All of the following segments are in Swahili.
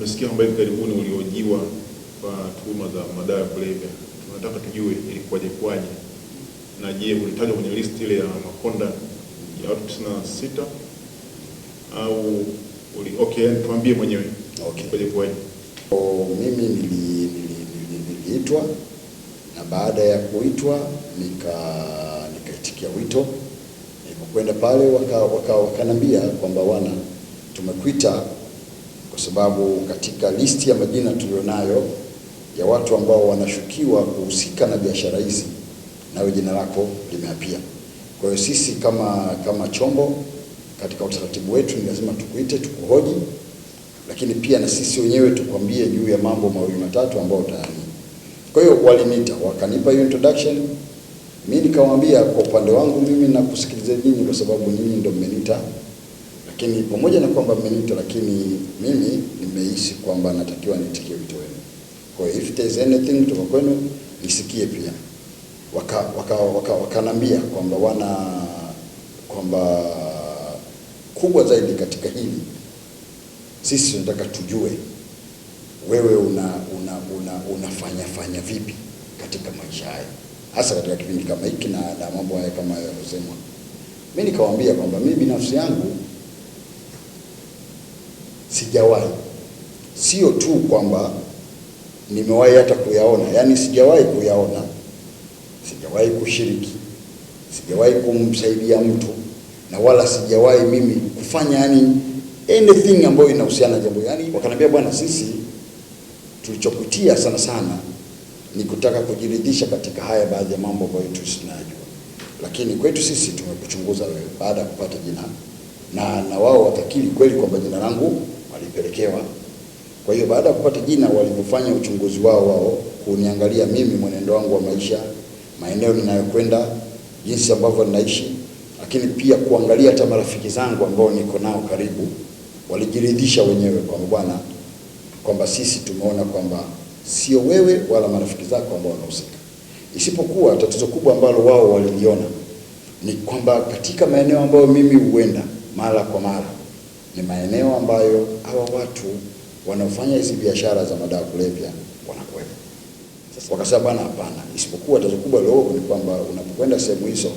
Tumesikia kwamba hivi karibuni uliojiwa kwa tuhuma za madawa ya kulevya. Tunataka tujue ilikuwaje kwaje, na je, ulitajwa kwenye list ile ya makonda ya watu tisini na sita au uli, okay, tuambie mwenyewe okay. kwaje kwaje? O, mimi nili niliitwa na baada ya kuitwa nika nikaitikia wito. Nilipokwenda pale wakanambia waka kwamba wana tumekuita kwa sababu katika listi ya majina tulionayo ya watu ambao wanashukiwa kuhusika na biashara hizi, nayo jina lako limeapia. Kwa hiyo sisi kama kama chombo katika utaratibu wetu ni lazima tukuite, tukuhoji, lakini pia na sisi wenyewe tukwambie juu ya mambo mawili matatu ambayo tayari. Kwa hiyo waliniita, wakanipa hiyo introduction, mimi nikamwambia kwa upande wangu mimi nakusikiliza nyinyi, kwa sababu nyinyi ndio mmeniita lakini pamoja na kwamba mmeniita, lakini mimi nimeishi kwamba natakiwa nitikie wito wenu. Kwa hiyo if there is anything kutoka kwenu nisikie pia. Wakanambia waka, waka, waka kwamba wana kwamba kubwa zaidi katika hili, sisi tunataka tujue wewe una, una, una, unafanya fanya vipi katika maisha hayo, hasa katika kipindi kama hiki na, mambo haya kama yayosemwa. Mimi nikawaambia kwamba mimi binafsi yangu sijawahi, sio tu kwamba nimewahi hata kuyaona, yaani sijawahi kuyaona, sijawahi kushiriki, sijawahi kumsaidia mtu na wala sijawahi mimi kufanya yani anything ambayo inahusiana na jambo. Yani wakaniambia, bwana, sisi tulichokutia sana sana ni kutaka kujiridhisha katika haya baadhi ya mambo ambayo tunayajua, lakini kwetu sisi tumekuchunguza wewe baada ya kupata jina na na wao watakiri kweli kwamba jina langu nilipelekewa. Kwa hiyo baada ya kupata jina, walivyofanya uchunguzi wao wao kuniangalia mimi, mwenendo wangu wa maisha, maeneo ninayokwenda, jinsi ambavyo ninaishi, lakini pia kuangalia hata marafiki zangu ambao niko nao karibu, walijiridhisha wenyewe kwamba bwana, kwamba sisi tumeona kwamba sio wewe wala marafiki zako ambao wanahusika, isipokuwa tatizo kubwa ambalo wao waliliona ni kwamba katika maeneo ambayo mimi huenda mara kwa mara ni maeneo ambayo hawa watu wanaofanya hizi biashara za madawa kulevya Sasa Wakasema bana, hapana. Isipokuwa tatizo kubwa lililoko ni kwamba unapokwenda sehemu hizo,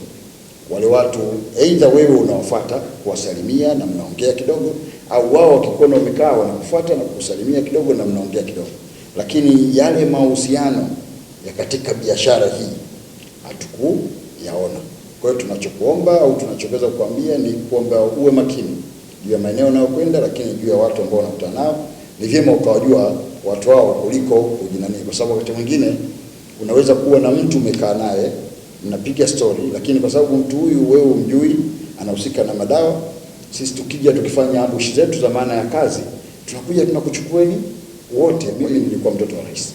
wale watu aidha wewe unawafuata kuwasalimia na mnaongea kidogo, au wao wakikuona wamekaa wanakufuata na kukusalimia kidogo na mnaongea kidogo, lakini yale mahusiano ya katika biashara hii hatukuyaona. Kwa hiyo tunachokuomba au tunachoweza kukwambia ni kuomba uwe makini juu ya maeneo unayokwenda, lakini juu ya watu ambao wanakutana nao, ni vyema ukawajua watu wao kuliko kujinani, kwa sababu wakati mwingine unaweza kuwa na mtu umekaa naye mnapiga story, lakini kwa sababu mtu huyu wewe umjui, anahusika na madawa. Sisi tukija tukifanya abushi zetu za maana ya kazi, tunakuja tunakuchukueni wote. Mimi nilikuwa mtoto wa rais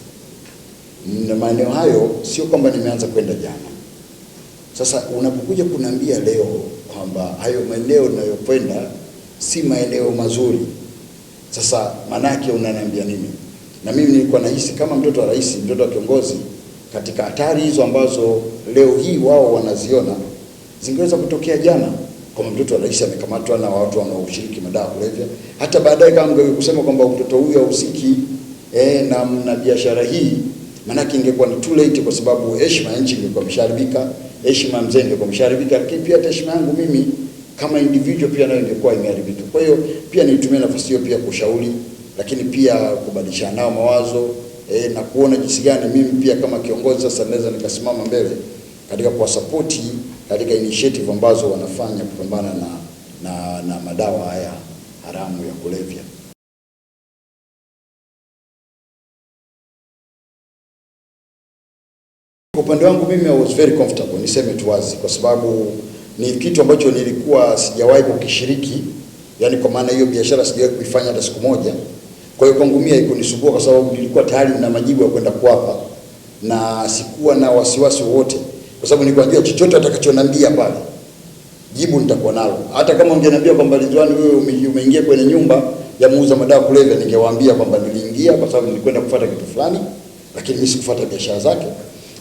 na maeneo hayo, sio kwamba nimeanza kwenda jana. Sasa unapokuja kuniambia leo kwamba hayo maeneo ninayokwenda si maeneo mazuri. Sasa manake unaniambia nini? Na mimi nilikuwa nahisi kama mtoto wa rais, mtoto wa kiongozi, katika hatari hizo ambazo leo hii wao wanaziona zingeweza kutokea jana, kama mtoto wa rais amekamatwa na watu wanaoshiriki madawa kulevya, hata baadaye kama mgeni kusema kwamba mtoto huyu hausiki eh, na mna biashara hii, manake ingekuwa ni too late, kwa sababu heshima ya nchi ingekuwa imeshaharibika, heshima mzee ingekuwa imeshaharibika, lakini pia heshima yangu mimi kama individual pia nayo ingekuwa imeharibika. Kwa hiyo pia nitumie nafasi hiyo pia kushauri, lakini pia kubadilishana nao mawazo e, na kuona jinsi gani mimi pia kama kiongozi sasa naweza nikasimama mbele katika kuwasapoti katika initiative ambazo wanafanya kupambana na, na, na madawa haya haramu ya kulevya. Kwa upande wangu mimi I was very comfortable, niseme tu wazi, kwa sababu ni kitu ambacho nilikuwa sijawahi kukishiriki, yani kwa maana hiyo biashara sijawahi kuifanya hata siku moja. Kwa hiyo kwangu mimi haikunisumbua kwa sababu nilikuwa tayari na majibu ya kwenda kuwapa na sikuwa na wasiwasi wowote, kwa sababu nilikuwa najua chochote atakachoniambia pale jibu nitakuwa nalo. Hata kama ungeniambia kwamba Ridhiwani, wewe umeingia kwenye nyumba ya muuza madawa kulevya, ningewaambia kwamba niliingia kwa sababu nilikwenda kufuata kitu fulani, lakini mimi sikufuata biashara zake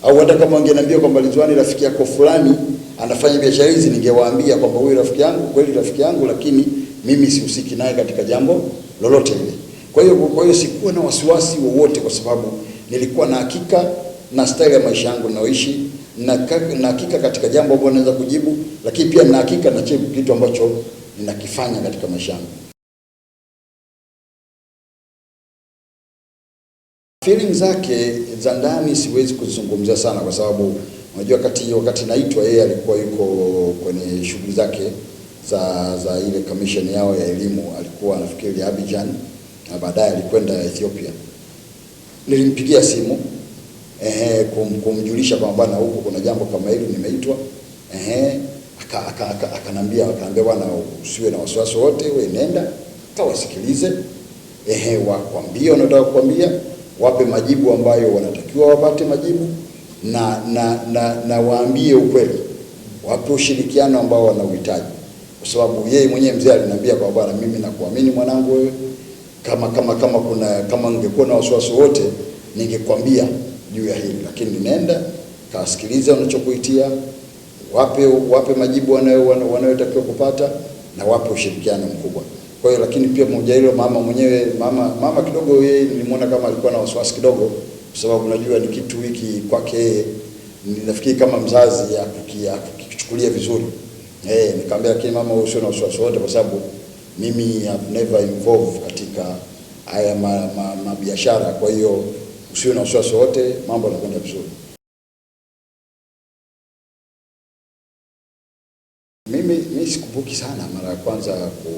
au hata kama wangeniambia kwamba Ridhiwani, rafiki yako fulani anafanya biashara hizi, ningewaambia kwamba huyu rafiki yangu kweli rafiki yangu, lakini mimi sihusiki naye katika jambo lolote lile. Kwa hiyo kwa hiyo sikuwa na wasiwasi wowote, kwa sababu nilikuwa na hakika na staili ya maisha yangu ninayoishi, na hakika katika jambo ambalo naweza kujibu, lakini pia na hakika na kitu ambacho ninakifanya katika maisha yangu. feeling zake za ndani siwezi kuzungumzia sana, kwa sababu unajua wakati wakati naitwa yeye alikuwa yuko kwenye shughuli zake za za ile commission yao ya elimu, alikuwa anafikiri Abidjan na baadaye alikwenda Ethiopia. Nilimpigia simu ehe, kum, kumjulisha kwamba bwana, huko kuna jambo kama hili, nimeitwa ehe, akanambia aka, aka akaambia bwana, usiwe na wasiwasi wote, wewe nenda kawasikilize, ehe, wakwambia unataka kukwambia wape majibu ambayo wanatakiwa wapate majibu na, na, na, na waambie ukweli, wape ushirikiano ambao wanauhitaji, kwa sababu yeye mwenyewe mzee aliniambia kwa bwana, mimi nakuamini mwanangu wewe, kama kama kama kuna kama ungekuwa na wasiwasi wote ningekwambia juu ya hili, lakini nenda kawasikiliza unachokuitia, wape wape majibu wanayotakiwa kupata na wape ushirikiano mkubwa. Kwa hiyo lakini pia moja hilo mama mwenyewe mama mama kidogo yeye nilimwona kama alikuwa na wasiwasi kidogo, kwa sababu unajua ni kitu hiki kwake yeye, ninafikiri kama mzazi ya akikichukulia vizuri eh. Nikamwambia lakini mama, wewe usio na wasiwasi wote, kwa sababu mimi have never involved katika haya mabiashara ma, ma kwa hiyo usio na wasiwasi wote, mambo yanakwenda vizuri. Mimi mimi sikumbuki sana mara ya kwanza ku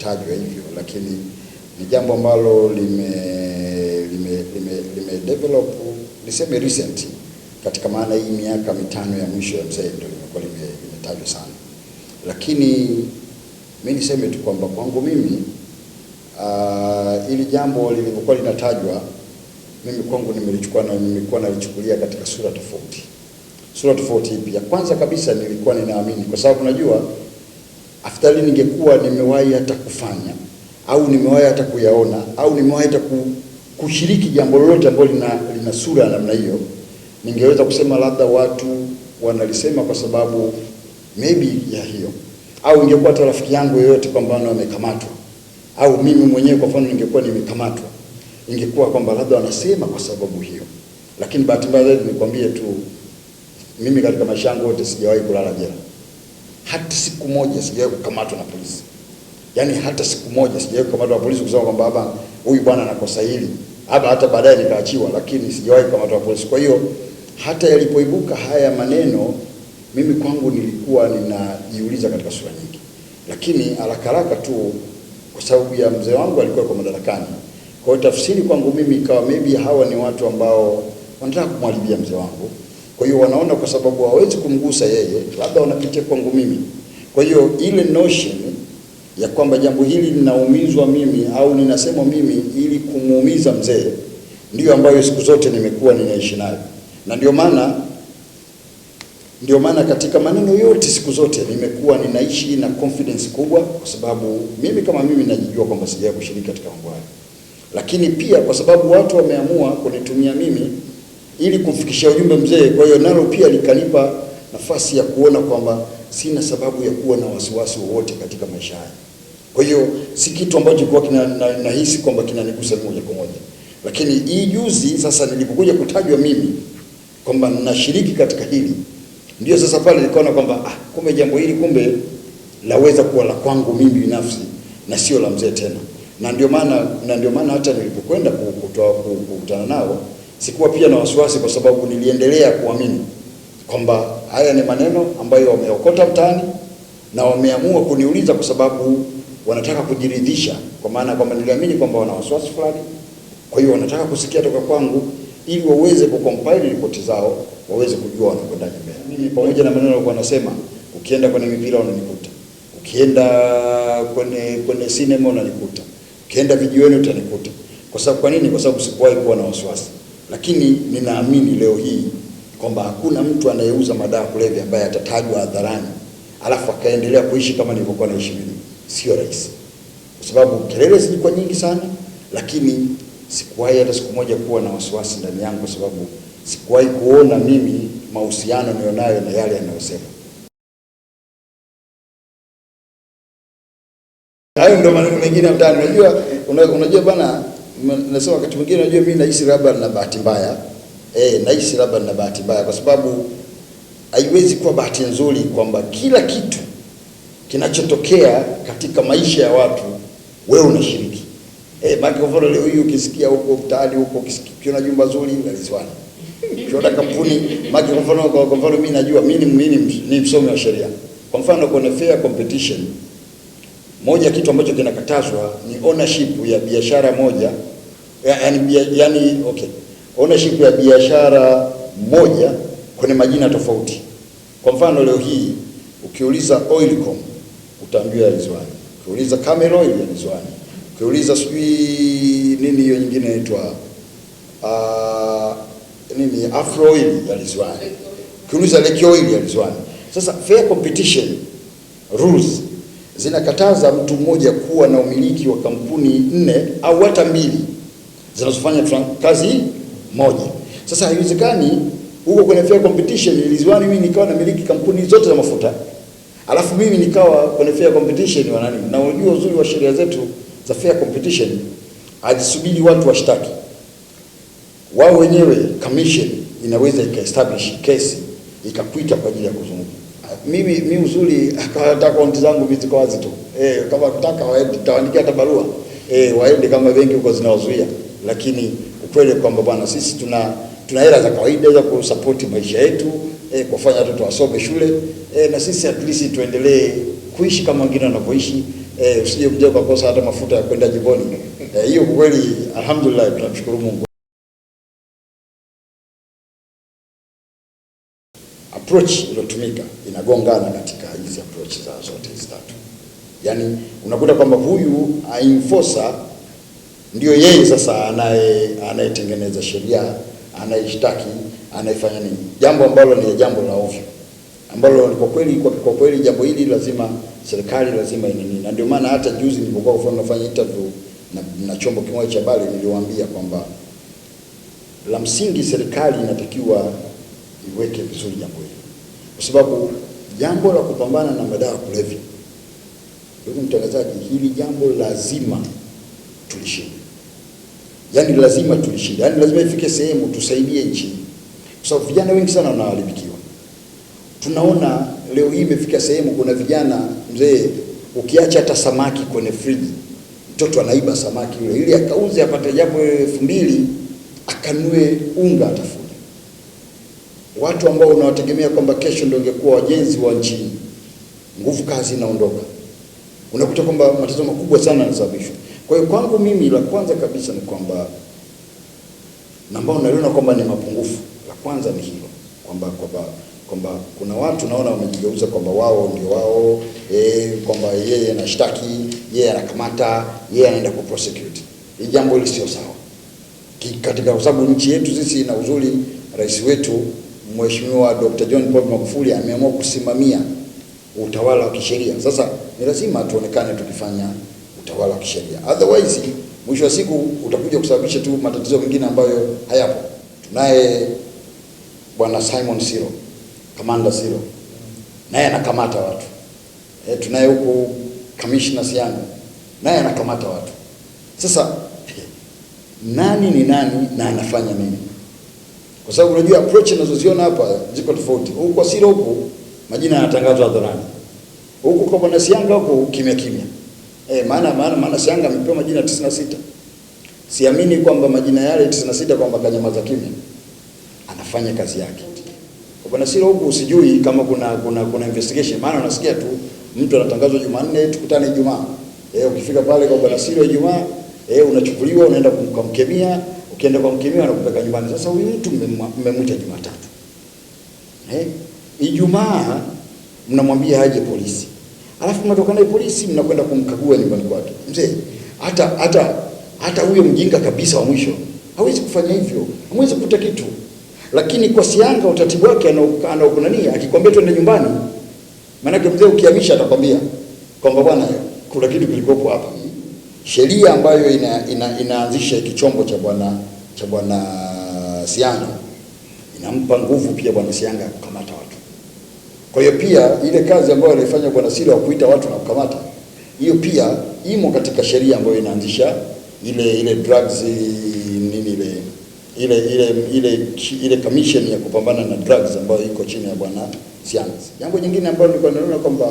kutajwa hivyo, lakini ni jambo ambalo lime lime lime, lime develop niseme recent katika maana hii miaka mitano ya mwisho ya mzee ndio limekuwa limetajwa lime sana, lakini mimi niseme tu kwamba kwangu mimi uh, ili jambo lilivyokuwa linatajwa mimi kwangu nimelichukua na nimekuwa nalichukulia katika sura tofauti sura tofauti ipi? Ya kwanza kabisa nilikuwa ninaamini, kwa sababu najua afadhali ningekuwa nimewahi hata kufanya au nimewahi hata kuyaona au nimewahi hata kushiriki jambo lolote ambalo lina, lina sura ya namna hiyo, ningeweza kusema labda watu wanalisema kwa sababu maybe ya hiyo, au ingekuwa hata rafiki yangu yeyote kwa amekamatwa, au mimi mwenyewe kwa mfano ningekuwa nimekamatwa, ingekuwa kwamba labda wanasema kwa sababu hiyo. Lakini bahati mbaya zaidi nikwambie tu, mimi katika maisha yangu yote sijawahi kulala jela hata siku moja sijawahi kukamatwa na polisi, yaani hata siku moja sijawahi kukamatwa na polisi kusema kwamba baba huyu bwana anakosa hili hapa, hata baadaye nikaachiwa, lakini sijawahi kukamatwa na polisi. Kwa hiyo hata yalipoibuka haya maneno, mimi kwangu nilikuwa ninajiuliza katika sura nyingi, lakini haraka haraka tu kwa sababu ya mzee wangu alikuwa kwa madarakani. Kwa hiyo tafsiri kwangu mimi ikawa maybe hawa ni watu ambao wanataka kumharibia mzee wangu kwa hiyo wanaona kwa sababu hawezi kumgusa yeye, labda wanapitia kwangu mimi. Kwa hiyo ile notion ya kwamba jambo hili linaumizwa mimi au ninasema mimi ili kumuumiza mzee, ndiyo ambayo siku zote nimekuwa ninaishi nayo, na ndio maana ndio maana katika maneno yote siku zote nimekuwa ninaishi na confidence kubwa, kwa sababu mimi kama mimi najijua kwamba sijawahi kushiriki katika mambo hayo, lakini pia kwa sababu watu wameamua kunitumia mimi ili kumfikishia ujumbe mzee. Kwa hiyo nalo pia likanipa nafasi ya kuona kwamba sina sababu ya kuwa na wasiwasi wowote katika maisha haya. Kwa hiyo si kitu ambacho kwa kina na, nahisi kwamba kinanigusa moja kwa moja, lakini hii juzi sasa nilipokuja kutajwa mimi kwamba nashiriki katika hili, ndio sasa pale nikaona kwamba ah, kumbe jambo hili kumbe laweza kuwa la kwangu mimi binafsi na sio la mzee tena, na ndio maana na ndio maana hata nilipokwenda kukutana nao Sikuwa pia na wasiwasi kwa sababu niliendelea kuamini kwamba haya ni maneno ambayo wameokota mtaani na wameamua kuniuliza kwa sababu wanataka kujiridhisha, kwa maana kwamba niliamini kwamba wana wasiwasi fulani, kwa hiyo wanataka kusikia toka kwangu ili waweze kucompile ripoti zao, waweze kujua wanakwenda mbele. Mimi pamoja na maneno alikuwa anasema, ukienda kwenye mipira unanikuta, ukienda kwenye kwenye sinema unanikuta, ukienda vijiweni utanikuta. Kwa sababu kwa nini? Kwa sababu sikuwahi kuwa na wasiwasi lakini ninaamini leo hii kwamba hakuna mtu anayeuza madawa kulevya ambaye atatajwa hadharani alafu akaendelea kuishi kama nilivyokuwa naishi mimi. Sio rahisi, kwa sababu kelele zilikuwa nyingi sana, lakini sikuwahi hata siku moja kuwa na wasiwasi ndani yangu, kwa sababu sikuwahi kuona mimi mahusiano niyonayo na yale yanayosema. Hayo ndio maneno mengine ya mtaani. Unajua, unajua bana nasema wakati mwingine najua mimi nahisi labda na bahati mbaya eh, nahisi labda na bahati mbaya kwa sababu haiwezi kuwa bahati nzuri kwamba kila kitu kinachotokea katika maisha ya watu wewe unashiriki. Eh, microphone leo hii ukisikia huko mtaani huko ukiona jumba zuri la unalizwana. Ukiona kampuni microphone kwa mfano mimi najua mimi ni msomi wa sheria. Kwa mfano kuna fair competition moja kitu ambacho kinakatazwa ni ownership ya biashara moja, yani yani, okay, ownership ya biashara moja kwenye majina tofauti. Kwa mfano leo hii ukiuliza Oilcom utaambiwa ya Rizwani, ukiuliza Camel Oil ya Rizwani, ukiuliza sijui nini hiyo nyingine inaitwa uh, nini Afro Oil ya Rizwani, ukiuliza Lake Oil ya Rizwani. Sasa fair competition rules zinakataza mtu mmoja kuwa na umiliki wa kampuni nne au hata mbili zinazofanya kazi moja. Sasa haiwezekani huko kwenye fair competition niliziwani mimi nikawa na miliki kampuni zote za mafuta alafu mimi nikawa kwenye fair competition wa nani? Na unajua uzuri wa sheria zetu za fair competition hazisubiri watu washtaki, wao wenyewe commission inaweza ikaestablish kesi ikakuita kwa ajili ya kuzungumza mimi mi uzuri account zangu mimi ziko wazi tu eh, kama kutaka waende tawandikia hata barua eh, waende kama benki huko zinawazuia, lakini ukweli kwamba bwana, sisi tuna tuna hela za kawaida za kusapoti maisha yetu eh, kufanya watoto wasome shule eh, na sisi at least tuendelee kuishi kama wengine wanavyoishi eh, usije mje ukakosa hata mafuta ya kwenda jikoni eh, hiyo eh, kweli, alhamdulillah tunamshukuru Mungu. approach iliyotumika inagongana katika hizi approach za zote hizi tatu. Yaani unakuta kwamba huyu enforcer ndio yeye sasa anaye anayetengeneza sheria, anayeshtaki, anayefanya nini, jambo ambalo ni jambo la ovyo ambalo kwa kweli kwa kweli jambo hili lazima serikali lazima inini, na ndio maana hata juzi nilipokuwa kufanya nafanya interview na, na chombo kimoja cha habari niliwaambia kwamba la msingi serikali inatakiwa iweke vizuri jambo hili kwa sababu jambo la kupambana na madawa ya kulevya, ndugu mtangazaji, hili jambo lazima tulishinde, yaani lazima tulishinde, yaani lazima ifike sehemu tusaidie nchi, kwa sababu vijana wengi sana wanaharibikiwa. Tunaona leo hii imefika sehemu, kuna vijana mzee, ukiacha hata samaki kwenye friji, mtoto anaiba samaki yule ili akauze apate japo elfu mbili akanue unga atafu watu ambao unawategemea kwamba kesho ndio ungekuwa wajenzi wa nchi, nguvu kazi inaondoka, unakuta kwamba matatizo makubwa sana yanasababishwa. Kwa hiyo kwangu mimi, la kwanza kabisa ni kwamba na ambao naliona kwamba ni mapungufu, la kwanza ni hilo kwamba kwamba kwamba kuna watu naona wamejigeuza kwamba wao ndio wao eh, kwamba yeye anashtaki, yeye anakamata, yeye anaenda ku prosecute. Hii jambo hili sio sawa katika, kwa sababu nchi yetu sisi ina uzuri, rais wetu Mheshimiwa Dr. John Paul Magufuli ameamua kusimamia utawala wa kisheria. Sasa ni lazima tuonekane tukifanya utawala wa kisheria, otherwise mwisho wa siku utakuja kusababisha tu matatizo mengine ambayo hayapo. Tunaye bwana Simon Siro, Kamanda Siro, naye anakamata watu e, tunaye huko Kamishna Siano, naye anakamata watu. Sasa nani ni nani na anafanya nini? kwa sababu unajua approach unazoziona hapa ziko tofauti. Huko kwa siri huku majina yanatangazwa hadharani, huko kwa bwana Sianga huko kimya kimya. Eh, maana maana maana Sianga amepewa majina 96. Siamini kwamba majina yale 96 kwamba kanyamaza kimya, anafanya kazi yake. Kwa bwana Siro huku usijui kama kuna kuna kuna investigation, maana unasikia tu mtu anatangazwa Jumanne tukutane Ijumaa. Eh, ukifika pale kwa bwana Siro Ijumaa, eh unachukuliwa unaenda kumkemia, ukienda kwa mkemia anakupeleka nyumbani. Sasa huyu mtu mmemwita Jumatatu eh, Ijumaa mnamwambia aje polisi, alafu mnatoka naye polisi, mnakwenda kumkagua nyumbani kwake. Mzee, hata hata hata huyo mjinga kabisa wa mwisho hawezi kufanya hivyo, hawezi kukuta kitu. Lakini kwa sianga utaratibu wake anaokunania, akikwambia twende nyumbani, maanake mzee, ukiamisha atakwambia kwamba bwana, kuna kitu kilikuwepo hapa sheria ambayo ina, ina, inaanzisha hiki chombo cha bwana cha bwana Sianga inampa nguvu pia bwana Sianga kukamata watu. Kwa hiyo pia ile kazi ambayo alifanya bwana Silwa kuita watu na kukamata, hiyo pia imo katika sheria ambayo inaanzisha ile ile drugs nini ile ile ile ile ile commission ya kupambana na drugs ambayo iko chini ya bwana Sianga. Jambo jingine ambalo nilikuwa naona kwamba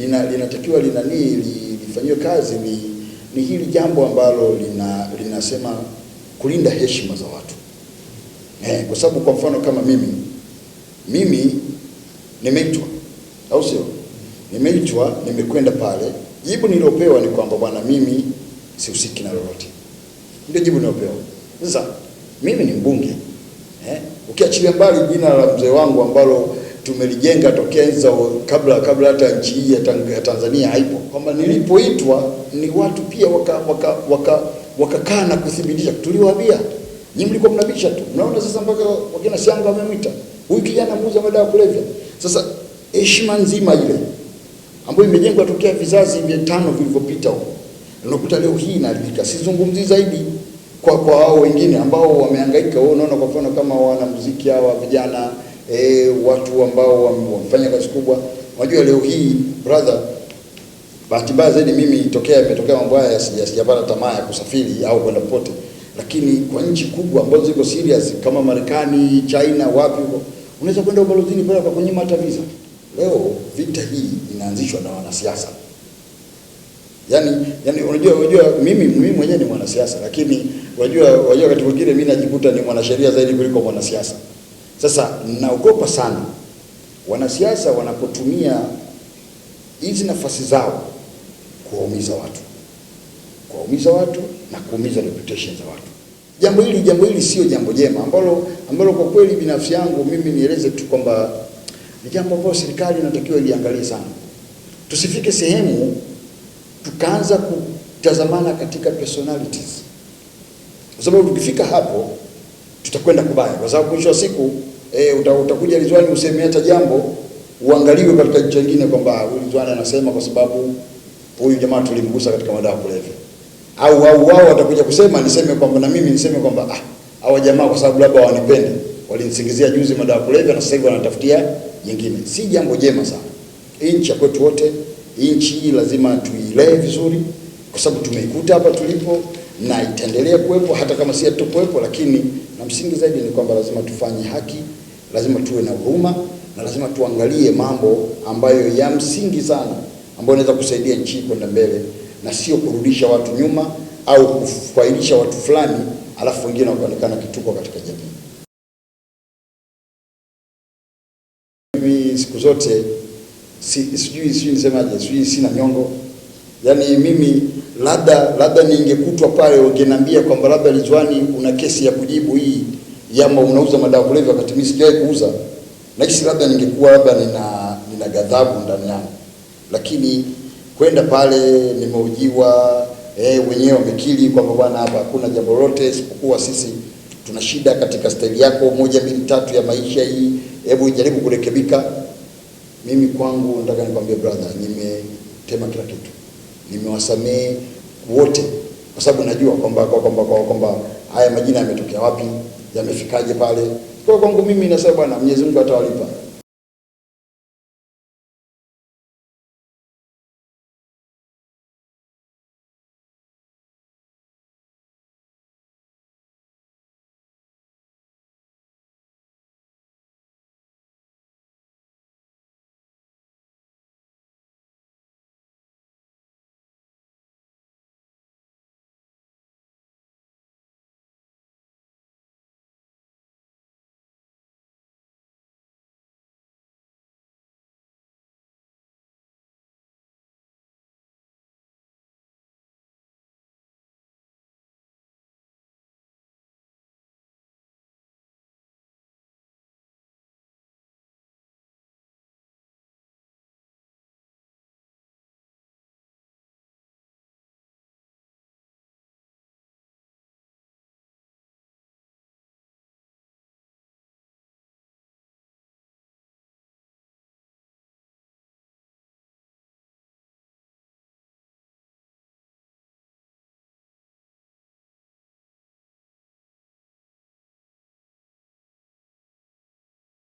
linatakiwa lina, nini lina, lina linani lifanywe kazi ni ni hili jambo ambalo lina, linasema kulinda heshima za watu eh, kwa sababu kwa mfano kama mimi mimi nimeitwa, au sio? Nimeitwa, nimekwenda pale, jibu nilopewa ni kwamba bwana, mimi sihusiki na lolote, ndio jibu nilopewa. Sasa mimi ni mbunge eh, ukiachilia mbali jina la mzee wangu ambalo tumelijenga tokenza kabla kabla hata nchi hii ya Tanzania haipo, kwamba nilipoitwa ni watu pia wakakaa waka, waka, waka na kuthibitisha, tuliwaambia nyinyi mlikuwa mnabisha tu. Mnaona sasa mpaka wakina Sianga wamemwita huyu kijana muuza madawa ya kulevya. Sasa heshima nzima ile ambayo imejengwa tokea vizazi vya tano vilivyopita huko, unakuta leo hii inaharibika. Sizungumzi zaidi kwa kwa hao wengine ambao wamehangaika. Wewe unaona kwa mfano kama wanamuziki hawa vijana e, watu ambao wamefanya kazi kubwa. Unajua leo hii brother, bahati mbaya zaidi mimi tokea imetokea mambo haya sijapata tamaa ya kusafiri au kwenda popote, lakini kwa nchi kubwa ambazo ziko serious kama Marekani, China, wapi huko, unaweza kwenda ubalozini pale kwa kunyima hata visa. Leo vita hii inaanzishwa na wanasiasa. Yaani, yani, unajua unajua mimi mimi mwenyewe ni mwanasiasa, lakini unajua unajua wakati mwingine mimi najikuta ni mwanasheria zaidi kuliko mwanasiasa. Sasa naogopa sana wanasiasa wanapotumia hizi nafasi zao kuwaumiza watu, kuwaumiza watu na kuumiza reputation za watu. Jambo hili jambo hili sio jambo jema ambalo ambalo kwa kweli binafsi yangu mimi nieleze tu kwamba ni jambo ambalo serikali inatakiwa iliangalie sana. Tusifike sehemu tukaanza kutazamana katika personalities, kwa sababu tukifika hapo tutakwenda kubaya, kwa sababu mwisho wa siku eh, utakuja Ridhiwani useme hata jambo, uangaliwe katika jicho lingine kwamba Ridhiwani anasema kwa sababu huyu jamaa tulimgusa katika madawa kulevya, au au wao watakuja kusema niseme kwamba na mimi niseme kwamba ah, hawa jamaa kwa sababu labda wanipende walinisingizia juzi madawa kulevya na sasa hivi wanatafutia nyingine. Si jambo jema sana. Nchi ya kwetu wote, nchi hii lazima tuilee vizuri, kwa sababu tumeikuta hapa tulipo na itaendelea kuwepo hata kama si hatukuwepo, lakini na msingi zaidi ni kwamba lazima tufanye haki lazima tuwe na huruma na lazima tuangalie mambo ambayo ya msingi sana ambayo yanaweza kusaidia nchi kwenda mbele na sio kurudisha watu nyuma au kufailisha watu fulani alafu wengine wakaonekana kituko katika jamii. Mimi siku zote si, sijui sijui nisemaje, sijui sina nyongo. Yaani mimi labda labda ningekutwa pale wangeniambia kwamba labda Ridhiwani una kesi ya kujibu hii yama unauza madawa kulevya, wakati mimi sijawahi kuuza, na hisi labda ningekuwa labda nina nina ghadhabu ndani yangu, lakini kwenda pale nimehojiwa, eh, wenyewe wamekiri kwamba bwana, hapa hakuna jambo lolote isipokuwa sisi tuna shida katika staili yako moja mbili tatu ya maisha hii, hebu jaribu kurekebika. Mimi kwangu nataka nikwambie brother, nimetema kila kitu, nimewasamehe wote kwa sababu najua kwamba kwamba kwamba kwamba haya majina yametokea wapi yamefikaje pale. Kwa kwangu mimi nasema bwana, Mwenyezi Mungu atawalipa.